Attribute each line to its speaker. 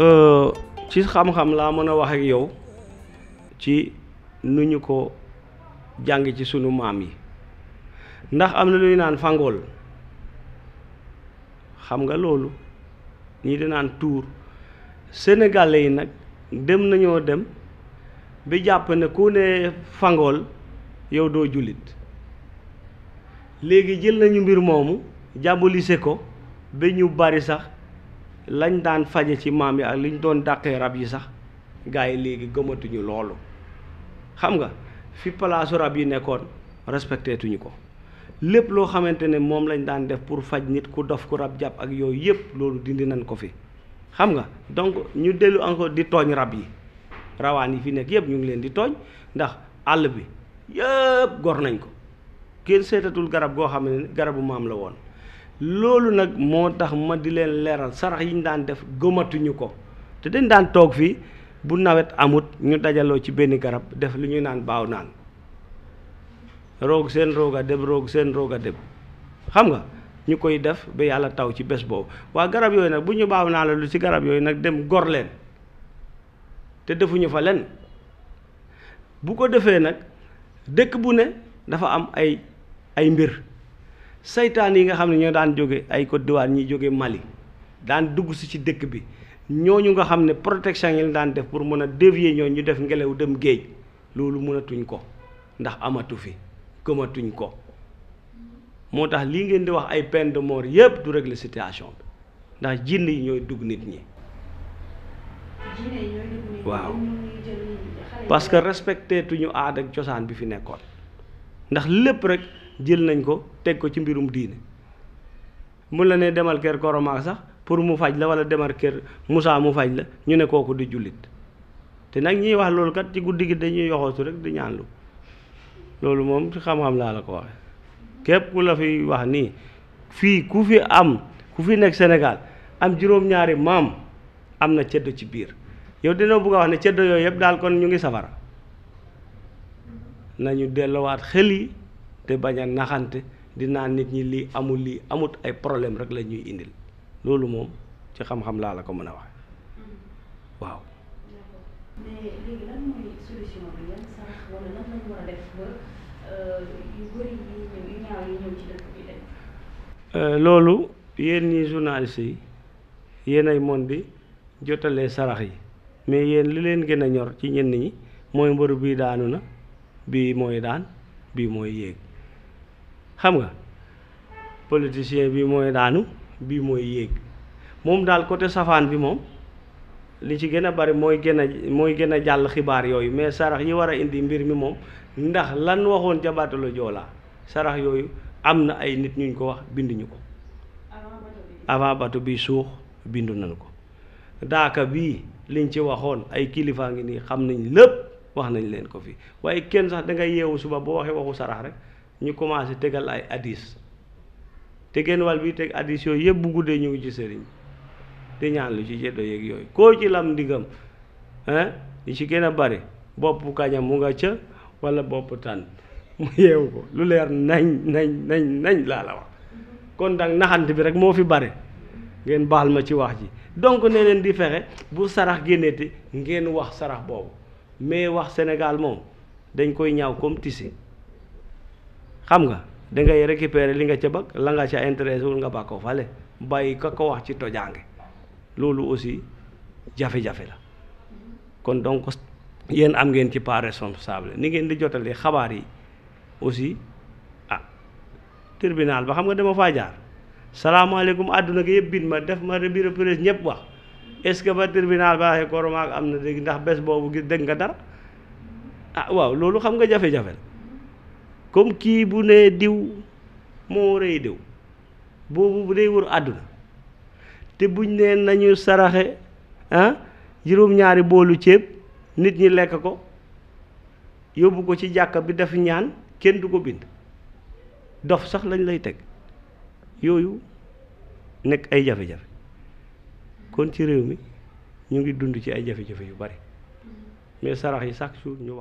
Speaker 1: Euh, ci xam-xam laa mën a wax yow ci nu ñu ko jàng ci sunu maam yi ndax am na luy naan fangool xam nga loolu ñii di naan tuur sénégalais yi nag dem nañoo dem bi jàpp ne ku ne fangool yow doo jullit léegi jël nañu mbir moomu diabolisé ko ba ñu bari sax lañ daan faje ci maam yi ak li ñu doon dàqee rab yi sax gars yi léegi gëmatuñu loolu xam nga fi palaasu rab yi nekkoon respectetuñu ko lépp loo xamante ne moom lañ daan def pour faj nit ku dof ku rab jàpp ak yooyu yépp loolu dindi nañ ko fi xam nga donc ñu dellu encore di tooñ rab yi rawaan yi fi nekk yépp ñu ngi leen di tooñ ndax àll bi yépp gor nañ ko kenn seetatul garab goo xam ne garabu maam la woon loolu nag moo tax ma di leen leeral sarax yi ñu daan def gëmatuñu ko te dañ daan toog fii bu nawet amut ñu dajaloo ci benn garab def li ñuy naan baaw naan roog seen roog a deb roog seen roog a deb xam nga ñu koy def ba yàlla taw ci bés boobu waa garab yooyu nag bu ñu baaw naa la lu ci garab yooyu nag dem gor leen te defuñu fa leen bu ko defee nag dëkk bu ne dafa am ay ay mbir seytaane yi nga xam ne ñoo daan jóge ay Côte d'Ivoire ñi jóge Mali daan dugg si ci dëkk bi ñooñu nga xam ne protection yi daan def pour mën a dévier ñoo ñu def ngelaw dem géej loolu mënatuñ ko ndax amatu fi gëmatuñ ko moo tax lii ngeen di wax ay peine de mort yëpp du régler situation bi ndax jinn yi ñooy dugg nit ñi waaw parce que respecté tuñu aada ak cosaan bi fi nekkoon ndax lépp rek jël nañ ko teg ko ci mbirum diine mun la ne demal kër koromaak sax pour mu faj la wala demal kër Moussa mu faj la ñu ne kooku di jullit te nag ñiy wax loolu kat ci guddi gi dañuy yoxootu rek di ñaanlu loolu moom ci xam-xam laa la ko waxe képp ku la fi wax nii fii ku fi am ku fi nekk Sénégal am juróom-ñaari maam am na ceddo ci biir yow dina bëgg a wax ne ceddo yooyu yëpp daal kon ñu ngi safara nañu dellowaat xel yi te bañ a naxante di nit ñi lii amul lii amut ay problème rek la ñuy indil loolu moom ci xam-xam laa la ko mën a wax mm-hmm. waaw. mais euh, euh, loolu yéen ñi journaliste yi yéen ay moon di jotalee sarax yi mais yéen li leen gën a ñor ci ñenn ñi mooy mbër bii daanu na bii mooy daan bii mooy yéeg. xam nga politicien bi moy daanu bi moy yegg mom dal côté safan bi mom li ci gëna bari moy gëna moy gëna jall xibaar yoy mais sarax yi wara indi mbir mi mom ndax lan waxon ca battalo jola sarax yoy amna ay nit ñuñ ko wax bindu ñuko avant batu bi sux bindu nañ ko daaka bi liñ ci waxon ay kilifa ngi ni xam nañ lepp wax nañ len ko fi waye kenn sax da nga yewu suba bo waxe waxu sarax rek ñu commencé tegal ay addis te genn wàll bi teg addis yooyu yëpp bu guddee ñu ngi ci sëriñ di ñaan lu ci jeddo yeeg yooyu koo ci lam ndigam ah li ci gën a bari bopp kaña mu nga ca walla bopp tànn mu yeewu ko lu leer nañ nañ nañ nañ laa la wax kon dang naxante bi rek moo fi bari ngeen baal ma ci wax ji donc ne leen di fexe bu sarax génneeti ngeen wax sarax boobu mais wax Sénégal moom dañ koy ñaw comme tisi xam nga da ngay récupérer li nga ca bëgg la nga ca intérêt wul nga bàkkoo fale bàyyi ka ko wax ci tojaange loolu aussi jafe-jafe la kon donc yéen am ngeen ci pas responsable ni ngeen di jotalee xabaar yi aussi ah tribunal ba xam nga dama faa jaar salaamaaleykum àdduna gi yëpp bind ma def ma bi presse ñëpp wax est ce que ba tribunal ba waxee koromaak am na dégg ndax bés boobu gis nga dara ah waaw loolu xam nga jafe-jafe la comme kii bu ne diw moo rëy diw boobu bu day wër àdduna te buñ ne nañu saraxe ah juróom-ñaari boolu ceeb nit ñi lekk ko yóbbu ko ci jàkka bi def ñaan kenn du ko bind dof sax lañ lay teg yooyu nekk ay jafe-jafe kon ci réew mi ñu ngi dund ci ay jafe-jafe yu bari mais sarax yi chaque jour ñu wax